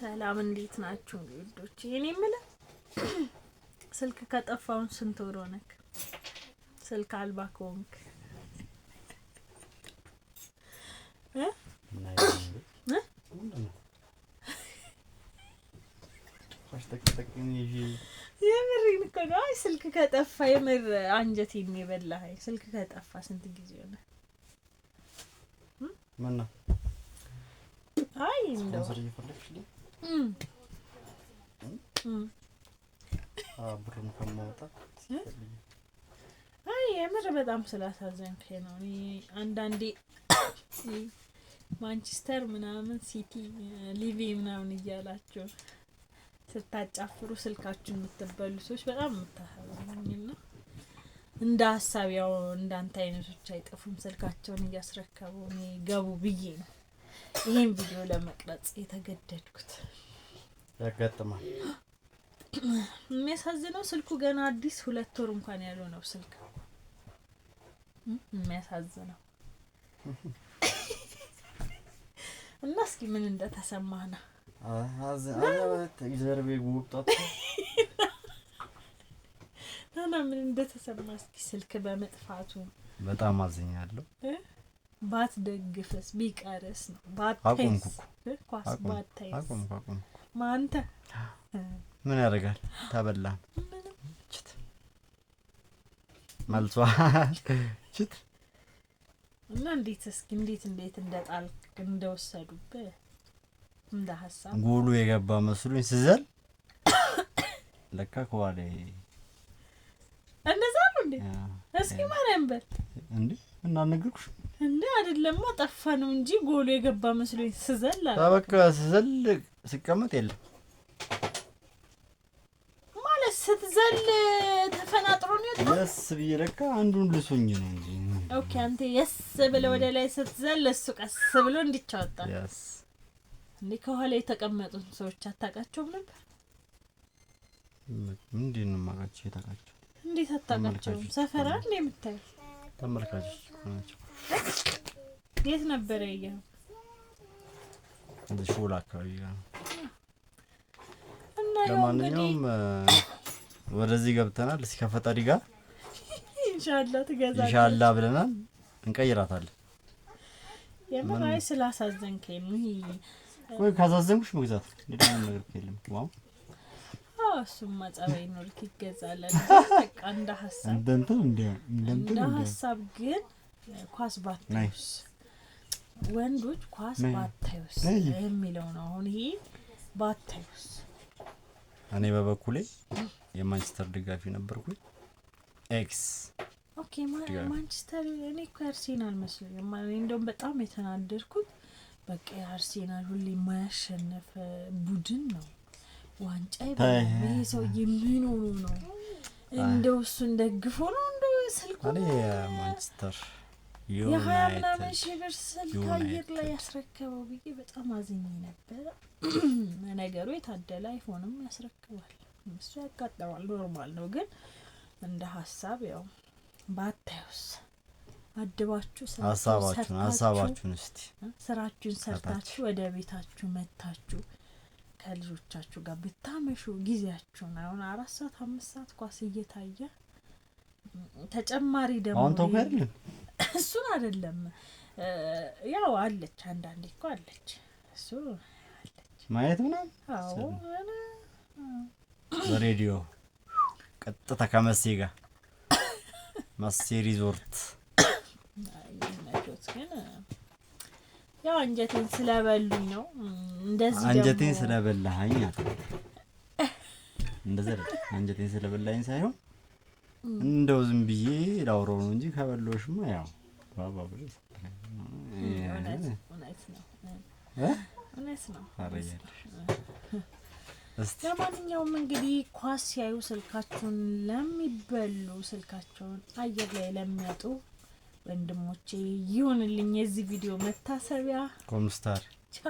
ሰላም እንዴት ናችሁ ልጆች? እኔ የምልህ ስልክ ከጠፋውን ስንት ወር ሆነክ? ስልክ አልባ ከሆንክ የምሬን እኮ ነው። አይ ስልክ ከጠፋ የምር የሚበላ አይ ስልክ ከጠፋ ስንት ጊዜ ሆነ? ነው አይ እንደው ብሩን ከማውጣት አይ የምር በጣም ስላሳዘንክ ነው። እኔ አንዳንዴ ማንቸስተር ምናምን ሲቲ ሊቪ ምናምን እያላቸው ስታጫፍሩ ስልካችሁ የምትበሉ ሰዎች በጣም ነው። እንደ ሀሳብ ያው እንዳንተ አይነቶች አይጠፉም። ስልካቸውን እያስረከቡ እኔ ገቡ ብዬ ነው ይህን ቪዲዮ ለመቅረጽ የተገደድኩት። ያጋጥማል። የሚያሳዝነው ስልኩ ገና አዲስ ሁለት ወር እንኳን ነው ስልክ የሚያሳዝነው እና እስኪ ምን እንደተሰማህ ነው። ምን እንደተሰማ እስኪ ስልክ በመጥፋቱ በጣም አዝኛለሁ። ባትደግፍስ ቢቀርስ ነው ባታይስ ኳስ ባታይስ ማንተ ምን ያደርጋል ተበላ መልሷ ችት እና እንዴት እስኪ እንዴት እንዴት እንደጣልክ እንደወሰዱብህ እንደ ሀሳብ ጎሉ የገባ መስሉኝ ስዘል ለካ ከኋላ እነዛ ነው እንዴ እስኪ ማርያም በል እንዴ እና ነገርኩሽ አይደለም ጠፋ ነው እንጂ ጎሎ የገባ መስሎ ስዘል አለ። በቃ ስዘል ስቀመጥ የለም ማለት ስትዘል ተፈናጥሮ ነው። የስ ብዬ ለካ አንዱን ልሶኝ ነው እንጂ ኦኬ። አንተ የስ ብለ ወደ ላይ ስትዘል እሱ ቀስ ብሎ እንዲቻወጣ የስ እንዴ ከኋላ የተቀመጡን ሰዎች አታውቃቸውም ነበር? እንዴት ነው የማውቃቸው? የታውቃቸው እንዴት አታውቃቸውም? ሰፈራ እንዴ የምታየው ተመልካቾች ናቸው። የት ነበረ ያየኸው? አካባቢ ለማንኛውም ወደዚህ ገብተናል። እስኪ ከፈጣሪ ጋር ብለናል። እንቀይራታለን። የምራይ ስላሳዘንከኝ ወይ መግዛት ሌላ ነገር የለም። እሱም ይገዛለን። በቃ እንደ ሀሳብ እንደ ሀሳብ ግን ኳስ ባታዩስ፣ ወንዶች ኳስ ባታዩስ የሚለው ነው። አሁን ይሄ ባታዩስ፣ እኔ በበኩሌ የማንቸስተር ደጋፊ ነበርኩኝ። ኤክስ ኦኬ ማንቸስተር። እኔ እኮ አርሴናል መስሎኝ እንደውም በጣም የተናደድኩት በቃ የአርሴናል ሁሌ የማያሸንፍ ቡድን ነው ዋንጫ ይበላል። ይሄ ሰውዬ ምን ሆኖ ነው? እንደው እሱን ደግፎ ነው እንደው ስልኩ ማንቸስተር የሀያ ምናምን ሺህ ብር ስልክ አየር ላይ ያስረከበው ብዬ በጣም አዝኜ ነበረ። ነገሩ የታደለ አይፎንም ያስረክባል፣ እሱ ያጋጠማል፣ ኖርማል ነው። ግን እንደ ሀሳብ ያው ባታዩስ አድባችሁ ሀሳባችሁን ሀሳባችሁን እስቲ ስራችሁን ሰርታችሁ ወደ ቤታችሁ መታችሁ ከልጆቻችሁ ጋር ብታመሹ ጊዜያችሁን አሁን አራት ሰዓት አምስት ሰዓት ኳስ እየታየ ተጨማሪ ደግሞ እሱን አይደለም ያው አለች አንዳንዴ እኮ አለች እሱ ማየት ምናምን በሬዲዮ ቀጥታ ከመሴ ጋር መሴ ሪዞርት ግን ያው አንጀቴን ስለበሉኝ ነው። እንደዚህ አንጀቴን ስለበላኸኝ አንጀቴን ስለበላኝ ሳይሆን እንደው ዝም ብዬ ላውሮ ነው እንጂ ከበሎሽማ ያው ባባ ብሎ ለማንኛውም እንግዲህ ኳስ ሲያዩ ስልካቸውን ለሚበሉ ስልካቸውን አየር ላይ ለሚያጡ ወንድሞቼ ይሁንልኝ የዚህ ቪዲዮ መታሰቢያ ኮምስታር ቻ